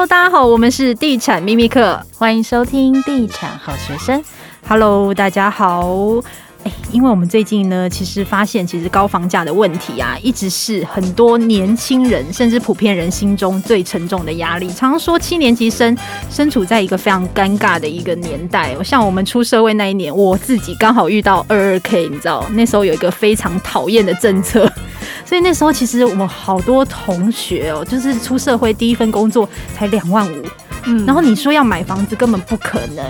Hello，大家好，我們是地產秘密客，歡迎收聽地產好學生。Hello，大家好、欸。因為我們最近呢，其實發現，其實高房價的問題啊，一直是很多年輕人甚至普遍人心中最沉重的壓力。常說七年級生身處在一個非常尷尬的一個年代，像我們出社會那一年，我自己剛好遇到二二 K，你知道，那時候有一個非常討厭的政策。所以那時候，其實我們好多同學哦、喔，就是出社會第一份工作才兩萬五，嗯，然後你說要買房子，根本不可能。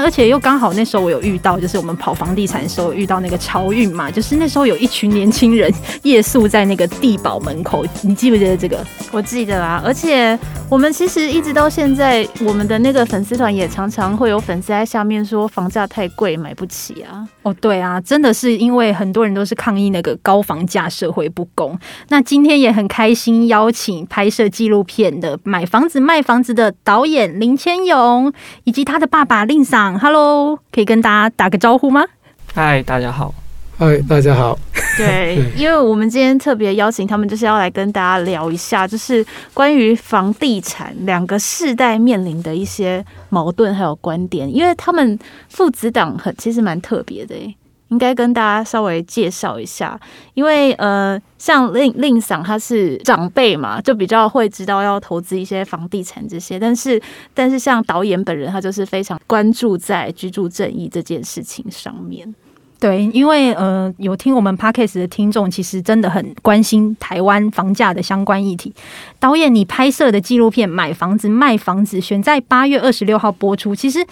而且又剛好那時候我有遇到，就是我們跑房地產的時候遇到那個巢運嘛，就是那時候有一群年輕人夜宿在那個帝寶門口，你記不記得這個？我記得啊，而且我們其實一直到現在，我們的那個粉絲團也常常會有粉絲在下面說房價太貴買不起啊。哦，對啊，真的是因為很多人都是抗議那個高房價、社會不公。那今天也很開心邀請拍攝紀錄片的買房子、賣房子的導演林謙勇，以及他的爸爸林桑。Hello，可以跟大家打個招呼嗎？嗨，大家好。嗨，大家好。 對，因為我們今天特別邀請他們，就是要來跟大家聊一下，就是關於房地產兩個世代面臨的一些矛盾還有觀點，因為他們父子檔很其實蠻特別的。應該跟大家稍微介紹一下，因為呃，像林，林桑他是長輩嘛，就比較會知道要投資一些房地產這些。但是，但是像導演本人，他就是非常關注在居住正義這件事情上面。對，因為呃，有聽我們 Podcast 的聽眾，其實真的很關心台灣房價的相關議題。導演，你拍攝的紀錄片《買房子賣房子》選在八月二十六號播出，其實。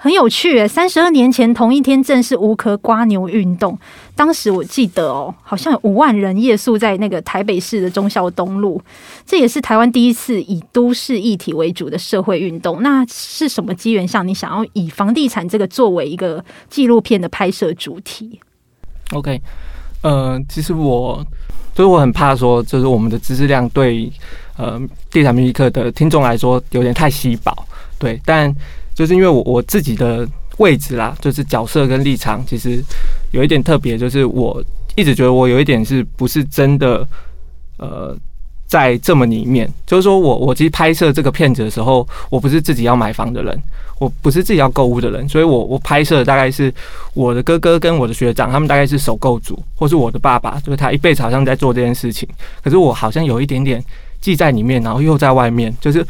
很有趣誒、欸，三十二年前同一天正是無殼蝸牛運動，當時我記得哦、喔，好像有五萬人夜宿在那個台北市的忠孝東路，這也是台灣第一次以都市議題為主的社會運動。那是什麼機緣上你想要以房地產這個作為一個紀錄片的拍攝主題？OK，呃，其實我就是我很怕說，就是我們的知識量對呃地產秘密客的聽眾來說有點太稀薄，對，但。就是因為我我自己的位置啦，就是角色跟立場其實有一點特別，就是我一直覺得我有一點是不是真的呃在這麼裡面，就是說我我其實拍攝這個片子的時候，我不是自己要買房的人，我不是自己要購物的人，所以我我拍攝大概是我的哥哥跟我的學長，他們大概是首購族或是我的爸爸，就是他一輩子好像在做這件事情，可是我好像有一點點既在裡面，然後又在外面，就是。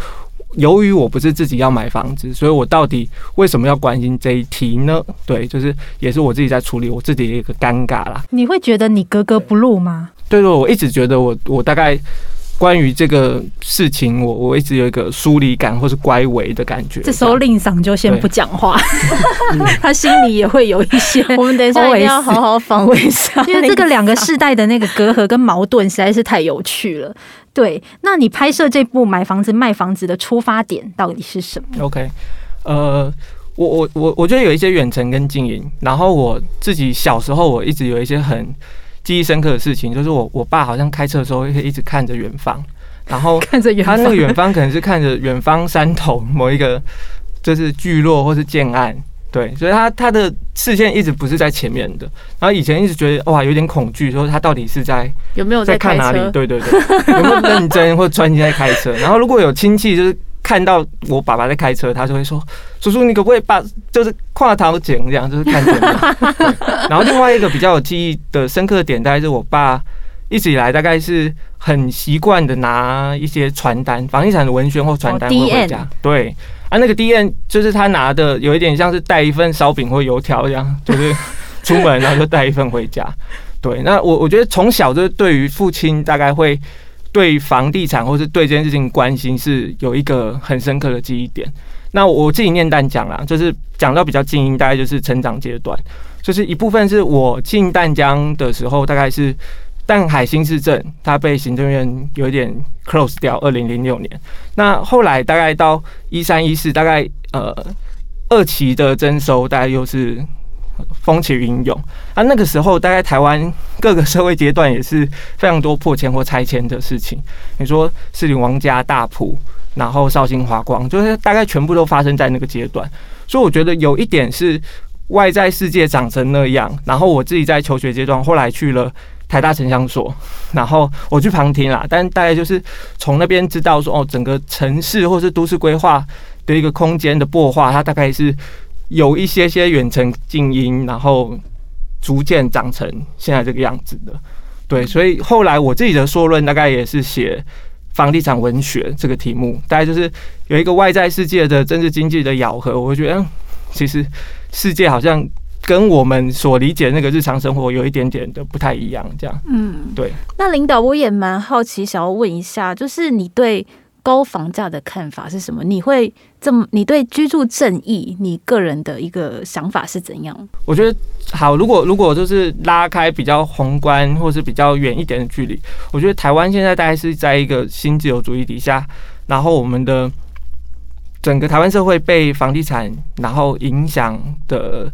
由於我不是自己要買房子，所以我到底為什麼要關心這一題呢？對，就是也是我自己在處理我自己的一個尷尬啦。你會覺得你格格不入嗎？對對，對，我一直覺得我我大概。關於這個事情，我我一直有一個疏離感，或是乖違的感覺這。這時候，林桑就先不講話，他心裡也會有一些。我們等一下一定要好好訪問一下，因為這個兩個世代的那個隔閡跟矛盾實在是太有趣了。對，那你拍攝這部《買房子賣房子》的出發點到底是什麼？OK，呃，我我我我覺得有一些遠程跟經營，然後我自己小時候我一直有一些很。記憶深刻的事情就是我我爸好像開車的時候會一直看着遠方，然後他那個遠方可能是看着遠方山頭某一個就是聚落或是建案，對，所以他他的視線一直不是在前面的。然後以前一直覺得哇有點恐懼，說他到底是在有沒有在，在看哪裡？對對對，有沒有認真 或專心在開車？然後如果有親戚就是。看到我爸爸在開車，他就會說：“叔叔，你可不可以把就是跨桃剪這樣，就是看着。”然後另外一個比較有記憶的深刻的點，大概是我爸一直以來大概是很習慣的拿一些傳單、房地產的文宣或傳單會回家。Oh, 對啊，那個 D N 就是他拿的，有一點像是帶一份燒餅或油條一樣，就是出門然後就帶一份回家。對，那我我覺得從小就是對於父親大概會。對房地產或是對這件事情關心是有一個很深刻的記憶點。那我自己念淡江啦，就是講到比較近因，大概就是成長階段，就是一部分是我進淡江的時候，大概是淡海新市鎮它被行政院有點 close 掉，二零零六年。那後來大概到一三一四，大概呃二期的徵收，大概又是。風起雲湧啊！那個時候，大概台灣各個社會階段也是非常多迫遷或拆遷的事情。你說，士林王家大埔，然後紹興華光，就是大概全部都發生在那個階段。所以，我覺得有一點是外在世界長成那樣。然後，我自己在求學階段，後來去了台大城鄉所，然後我去旁聽了，但大概就是從那邊知道說，哦，整個城市或是都市規劃的一個空間的破壞，它大概是。有一些些遠程靜音，然後逐漸長成現在這個樣子的，對，所以後來我自己的碩論大概也是寫房地產文學這個題目，大概就是有一個外在世界的政治經濟的咬合。我會覺得其實世界好像跟我們所理解的那個日常生活有一點點的不太一樣，這樣，嗯，對。那領導，我也蠻好奇，想要問一下，就是你對高房價的看法是什麼？你會這麼？你對居住正義，你個人的一個想法是怎樣？我覺得好。如果如果就是拉開比較宏觀，或是比較遠一點的距離，我覺得台灣現在大概是在一個新自由主義底下，然後我們的整個台灣社會被房地產然後影響的，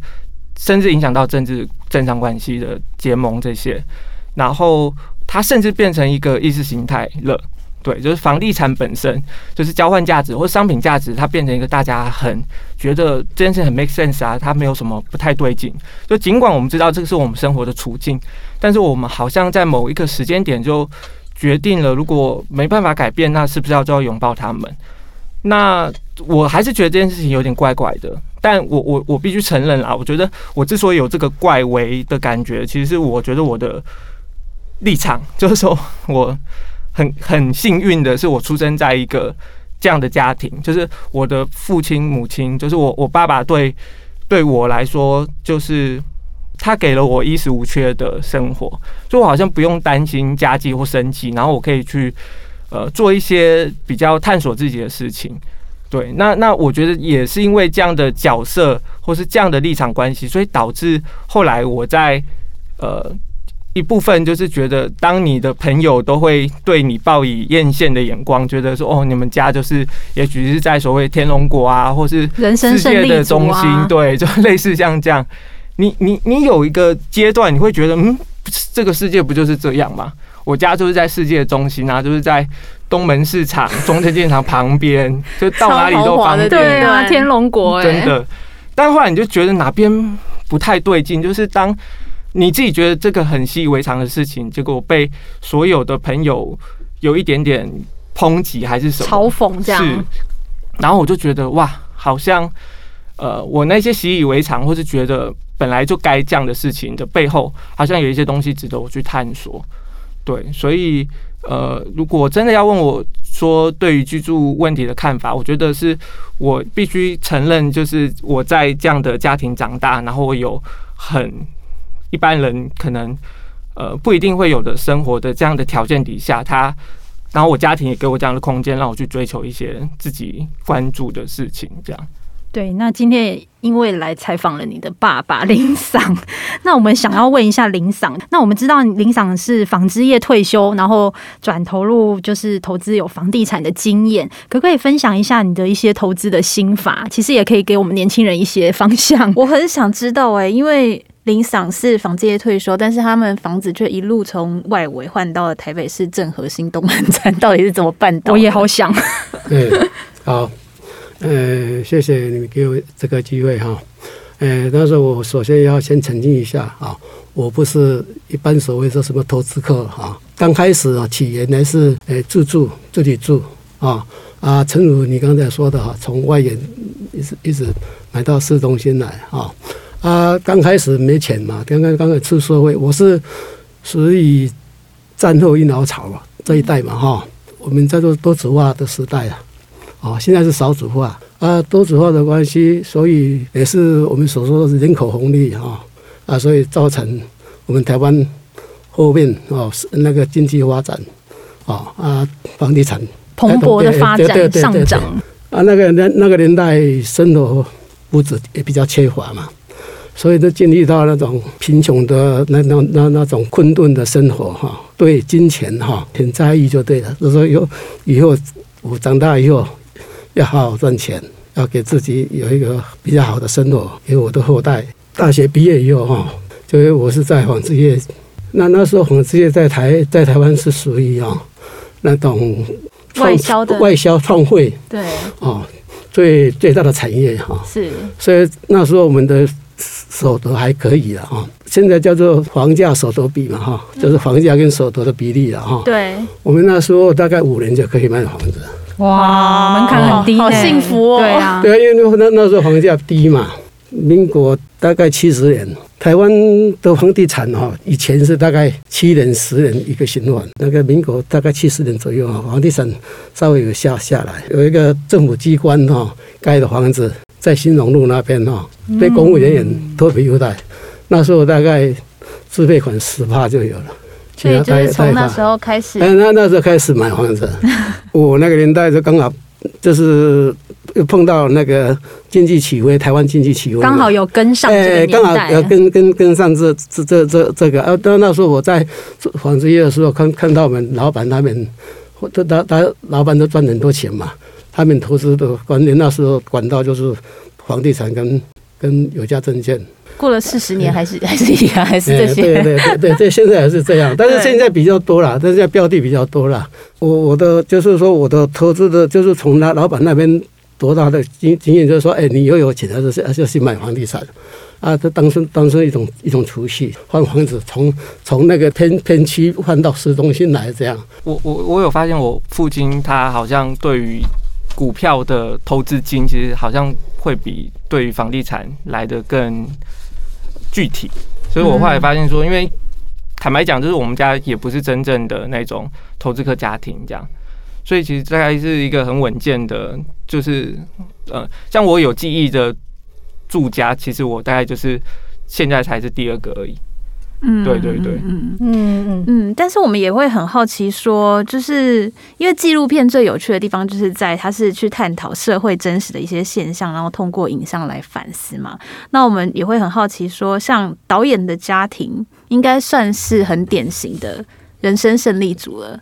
甚至影響到政治正常關係的結盟這些，然後它甚至變成一個意識形態了。對，就是房地產本身就是交換價值或商品價值，它變成一個大家很覺得這件事很 make sense 啊，它沒有什麼不太對勁。就儘管我們知道這個是我們生活的處境，但是我們好像在某一個時間點就決定了，如果沒辦法改變，那是不是要就要擁抱他們？那我還是覺得這件事情有點怪怪的。但我我我必須承認啊，我覺得我之所以有這個怪為的感覺，其實是我覺得我的立場就是說我。很很幸運的是，我出生在一個這樣的家庭，就是我的父親母親，就是我我爸爸對對我來說，就是他給了我衣食無缺的生活，就我好像不用擔心家計或生計，然後我可以去呃做一些比較探索自己的事情。對，那那我覺得也是因為這樣的角色或是這樣的立場關係，所以導致後來我在呃。一部分就是覺得，當你的朋友都會對你報以艷羨的眼光，覺得說：“哦，你們家就是，也許是在所謂天龍國啊，或是世界的中心。”對，就類似像這樣，你你你有一個階段，你會覺得，嗯，這個世界不就是這樣嗎？我家就是在世界的中心啊，就是在東門市場、 中天建堂旁邊，就到哪裡都方便。對啊，天龍國真的。但後來你就覺得哪邊不太對勁，就是當。你自己覺得這個很習以為常的事情，結果被所有的朋友有一點點抨擊，還是什麼嘲諷這樣子。然後我就覺得哇，好像呃，我那些習以為常，或是覺得本來就該這樣的事情的背後，好像有一些東西值得我去探索。對，所以呃，如果真的要問我說對於居住問題的看法，我覺得是我必須承認，就是我在這樣的家庭長大，然後我有很。一般人可能呃不一定會有的生活的這樣的條件底下，他然後我家庭也給我這樣的空間，讓我去追求一些自己關注的事情。這樣對，那今天也因為來採訪了你的爸爸林桑。那我們想要問一下林桑，那我們知道林桑是紡織業退休，然後轉投入就是投資有房地產的經驗，可不可以分享一下你的一些投資的心法？其實也可以給我們年輕人一些方向。我很想知道哎、欸，因為。林桑是房仲業退休，但是他們房子卻一路從外圍換到了台北市正核心東門站，到底是怎麼辦到？我也好想。嗯 、欸，好，呃、欸，謝謝你們給我這個機會哈。呃、欸，但是我首先要先澄清一下啊，我不是一般所謂說什麼投資客哈。剛開始啊，起原來是呃自住，住自己住啊啊，誠如你剛才說的哈，從外圍一直一直買到市中心來哈。啊，剛開始沒錢嘛，剛剛剛剛出社會，我是屬於戰後嬰兒潮嘛，這一代嘛，哈，我們在做多子化的時代啊，哦、啊，現在是少子化啊，多子化的關係，所以也是我們所說的人口紅利，哈啊，所以造成我們台灣後面哦、啊、那個經濟發展，哦啊房地產蓬勃的發展上漲啊，那個那那個年代生活物資也比較缺乏嘛。所以都經歷到那種貧窮的那那那那種困頓的生活哈，對金錢哈挺在意就對了。就說有以後我長大以後要好好賺錢，要給自己有一個比較好的生活，給我的後代。大學畢業以後哈，就因為我是在紡織業，那那時候紡織業在台在台灣是屬於啊那種外銷的外銷創匯對哦最最大的產業哈是，所以那時候我們的。所得還可以了哈，現在叫做房價所得比嘛哈，就是房價跟所得的比例了哈。對，我們那時候大概五年就可以買房子。對 哇，門檻很低，欸，好幸福哦。對啊，啊、因為那那時候房價低嘛，民國大概七十年，台灣的房地產哈以前是大概七年十年一個循環，那個民國大概七十年左右哈，房地產稍微有下下來，有一個政府機關哈蓋的房子。在新榮路那邊哈、哦，被公務員也托皮優待。嗯、那時候大概自備款十趴就有了，就是從那時候開始。哎、那那時候開始買房子， 我那個年代就剛好就是碰到那個經濟起飛，台灣經濟起飛，剛好有跟上。哎，剛好有跟跟跟上這這這這個。呃、啊，當那時候我在紡織業的時候，看看到我們老闆他們，他都他老闆都賺很多錢嘛。他們投資的觀念那時候，管道，就是房地產跟跟有價證券。過了四十年，還是對還是一樣，還是這些。對，對對對對，這現在還是這樣， 但是現在比較多了，現在標的比較多了。我我的、就是、我的、的、就、是的就是說，我的投資的就是從他老板那邊多大的經經驗，就是說，哎，你又有、有錢，而且而且去買房地產，啊，這當成當成一種一種儲蓄，換房子，從從那個偏偏區換到市中心來，這樣。我我我有發現，我父親他好像對於。股票的投資金其實好像會比對於房地產來得更具體，所以我後來發現說，因為坦白講，就是我們家也不是真正的那種投資客家庭這樣，所以其實大概是一個很穩健的，就是呃，像我有記憶的住家，其實我大概就是現在才是第二個而已。嗯，對對對，嗯嗯嗯，但是我們也會很好奇說，就是因為紀錄片最有趣的地方就是在它是去探討社會真實的一些現象，然後通過影像來反思嘛。那我們也會很好奇說，像導演的家庭應該算是很典型的人生勝利組了。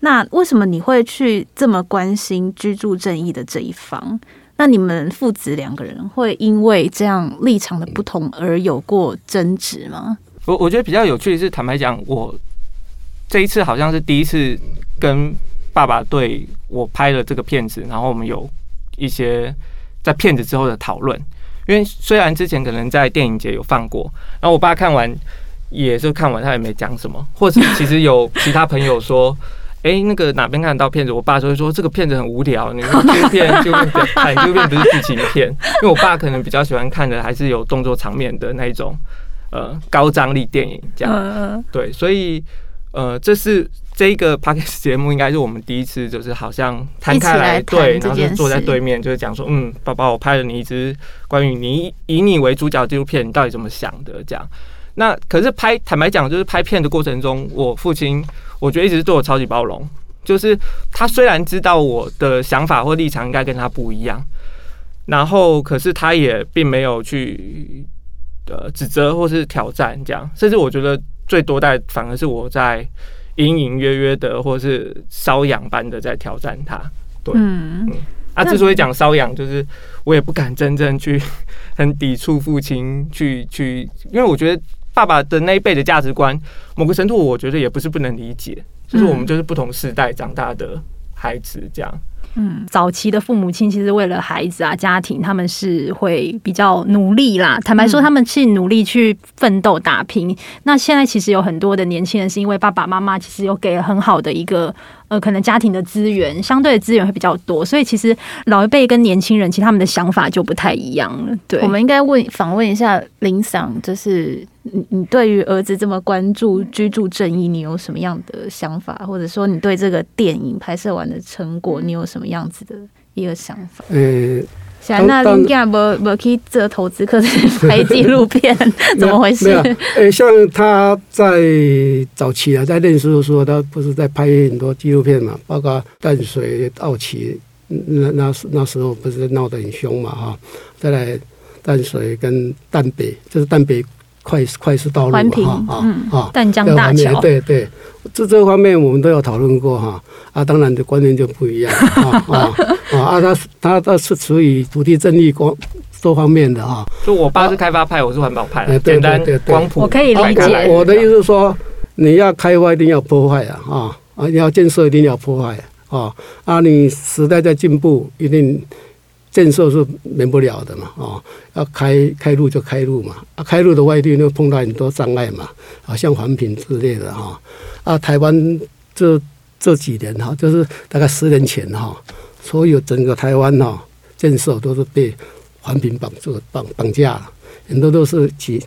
那為什麼你會去這麼關心居住正義的這一方？那你們父子兩個人會因為這樣立場的不同而有過爭執嗎？我我覺得比較有趣的是，坦白講，我這一次好像是第一次跟爸爸對我拍了這個片子，然後我們有一些在片子之後的討論。因為雖然之前可能在電影節有放過，然後我爸看完也是看完，他也沒講什麼。或者其實有其他朋友說，欸，那個哪邊看得到片子？我爸就會說這個片子很無聊，你說這片就看，這片不是劇情片。因為我爸可能比較喜歡看的還是有動作場面的那一種。呃，高張力電影這樣，對，所以呃，這是這個 podcast 節目應該是我們第一次，就是好像攤開來對，然後就坐在對面，就是講說，嗯，爸爸，我拍了你一支關於你以你為主角紀錄片，你到底怎麼想的？這樣。那可是拍，坦白講，就是拍片的過程中，我父親我覺得一直是對我超級包容，就是他雖然知道我的想法或立場應該跟他不一樣，然後可是他也並沒有去。的指責或是挑戰，這樣，甚至我覺得最多代反而是我在隱隱約約的，或是瘙癢般的在挑戰他。對，嗯，嗯，啊，之所以講瘙癢，就是我也不敢真正去 很抵觸父親，去去，因為我覺得爸爸的那一輩的價值觀，某個程度我覺得也不是不能理解，就是我們就是不同時代長大的孩子，這樣。嗯，早期的父母親其實為了孩子啊、家庭，他們是會比較努力啦。坦白說，他們去努力去奮鬥打拼。嗯、那現在其實有很多的年輕人，是因為爸爸媽媽其實有給了很好的一個呃，可能家庭的資源，相對的資源會比較多。所以其實老一輩跟年輕人，其實他們的想法就不太一樣了。對，我們應該問訪問一下林桑，就是。你對於兒子這麼關注居住正義，你有什麼樣的想法？或者說，你對這個電影拍攝完的成果，你有什麼樣子的一個想法？嗯呃、欸，那林家博博基這投資客是拍紀錄片，呵呵怎麼回事？哎、欸，像他在早期啊，在認識的時候，他不是在拍很多紀錄片嘛，包括淡水、到期那那那時候不是鬧得很兇嘛，哈，再來淡水跟淡北，就是淡北。快快速道路哈平啊，淡、啊啊、江大橋對對，這這方面我們都有討論過哈啊，當然的觀念就不一樣 啊啊啊，它它它是處於土地正義多方面的哈。就、啊、我爸是開發派，我是環保派，簡單、啊、光譜，我可以理解我。我的意思是說，你要開發一定要破壞啊，啊，要建設一定要破壞啊啊，你時代在進步，一定。建設是免不了的嘛，哦，要開開路就開路嘛，啊，開路的外地又碰到很多障礙嘛，啊，像環評之類的哈，啊，台灣這這幾年哈，就是大概十年前哈，所有整個台灣哈建設都是被環評綁住綁綁架了，很多都是藉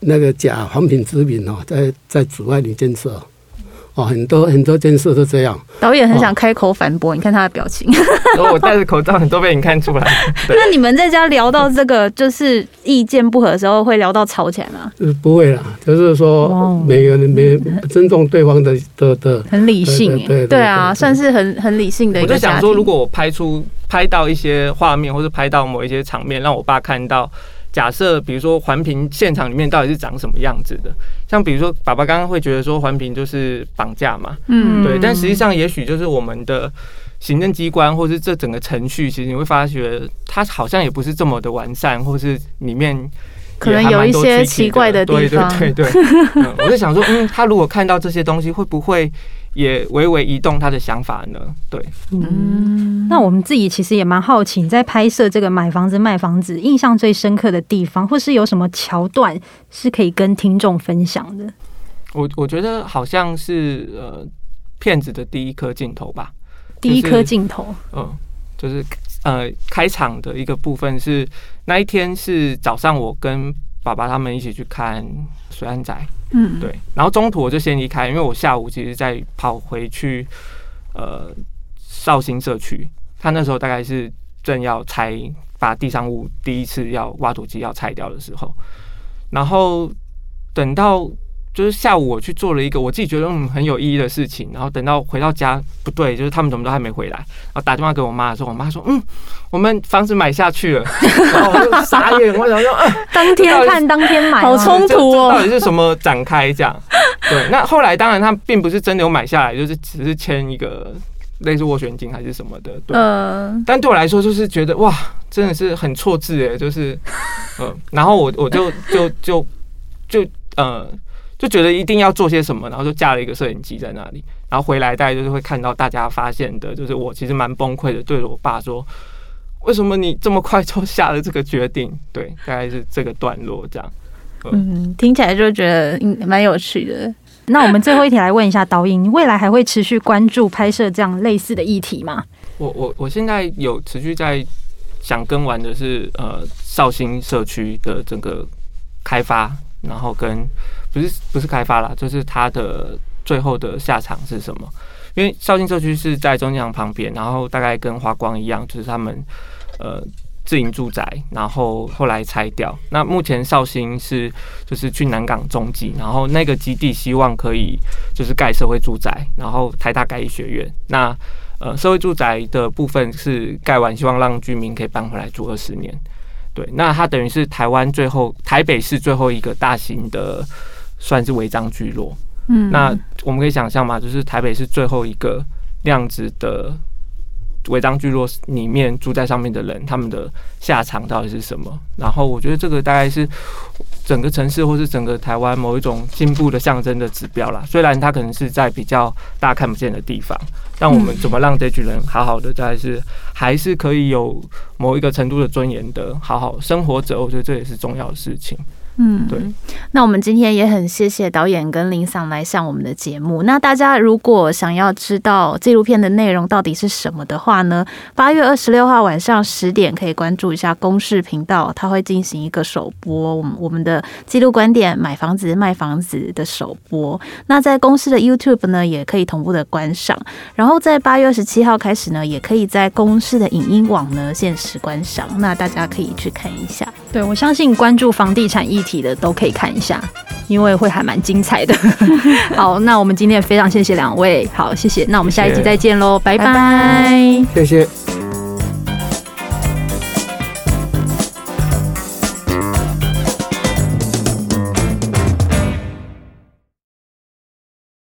那個假環評之名哦，在在阻礙你建設。哦、很多很多件事都這樣，導演很想開口反駁，哦、你看他的表情。如果我戴着口罩，很多 被你看出來。 那你們在家聊到這個，就是意見不合的時候，會聊到吵起來嗎？嗯、不會啦，就是說、哦、每個人、每尊、嗯、重對方的、的、的，很理性。對,對,對,對,對,對啊，算是很很理性的一。我就想說，如果我拍出、拍到一些畫面，或是拍到某一些場面，讓我爸看到。假設，比如說環評現場裡面到底是長什麼樣子的，像比如說，爸爸剛剛會覺得說環評就是綁架嘛，嗯，對。但實際上，也許就是我們的行政機關，或是這整個程序，其實你會發覺它好像也不是這麼的完善，或是裡面可能有一些奇怪的地方。對對對對， 嗯、我就想說，嗯，他如果看到這些東西，會不會？也微微移動他的想法呢，對。嗯，那我們自己其實也蠻好奇，在拍攝這個買房子賣房子，印象最深刻的地方，或是有什麼橋段是可以跟聽眾分享的？我我覺得好像是呃，片子的第一顆鏡頭吧，第一顆鏡頭，嗯，就是呃，就是呃，開場的一個部分是那一天是早上，我跟。爸爸他們一起去看水岸宅，嗯，對。然後中途我就先離開，因為我下午其實再跑回去，呃，紹興社區，他那時候大概是正要拆，把地上物第一次要挖土機要拆掉的時候，然後等到。就是下午我去做了一個我自己覺得嗯很有意義的事情，然後等到回到家不對，就是他們怎麼都還沒回來，然後打電話給我媽的時候，我媽說嗯，我們房子買下去了，然後我就傻眼，我想說，當天看當天買，好衝突哦，到底是什麼展開這樣？對，那後來當然他並不是真的有買下來，就是只是簽一個類似斡旋金還是什麼的，對，但對我來說就是覺得哇，真的是很錯字誒。就是、呃、然後我我就就就就，就呃。就覺得一定要做些什麼，然後就架了一個攝影機在那裡，然後回來大家就是會看到大家發現的，就是我其實蠻崩潰的，對着我爸說：“為什麼你這麼快就下了這個決定？”對，大概是這個段落這樣。嗯，聽起來就覺得蠻有趣的。 那我們最後一題來問一下導演：你未來還會持續關注拍攝這樣類似的議題嗎？我我我現在有持續在想跟完的是呃紹興社區的整個開發。然後跟不是不是開發啦，就是它的最後的下場是什麼？因為紹興社區是在中正堂旁邊，然後大概跟華光一樣，就是他們呃自營住宅，然後後來拆掉。那目前紹興是就是去南港中繼，然後那個基地希望可以就是蓋社會住宅，然後台大蓋醫學院。那呃社會住宅的部分是蓋完，希望讓居民可以搬回來住二十年。對，那它等於是台灣最後台北市，最後一個大型的，算是違章聚落。嗯，那我們可以想象嘛，就是台北市最後一個量子的。違章聚落裡面住在上面的人，他們的下場到底是什麼？然後我覺得這個大概是整個城市或是整個台灣某一種進步的象徵的指標啦。雖然它可能是在比較大看不見的地方，但我們怎麼讓這群人好好的，大概是還是可以有某一個程度的尊嚴的，好好生活著，我覺得這也是重要的事情。嗯，對。那我們今天也很謝謝導演跟林桑來向我們的節目。那大家如果想要知道紀錄片的內容到底是什麼的話呢，八月二十六號晚上十點可以關注一下公視頻道，它會進行一個首播。我們我們的紀錄觀點買房子賣房子的首播。那在公視的 YouTube 呢，也可以同步的觀賞。然後在八月二十七號開始呢，也可以在公視的影音網呢限時觀賞。那大家可以去看一下。對，我相信關注房地產業。具體的都可以看一下，因為會還蠻精彩的。 好，那我們今天也非常謝謝兩位，好，謝謝。那我們下一集再見嘍，謝謝拜拜。謝謝。拜拜，謝謝。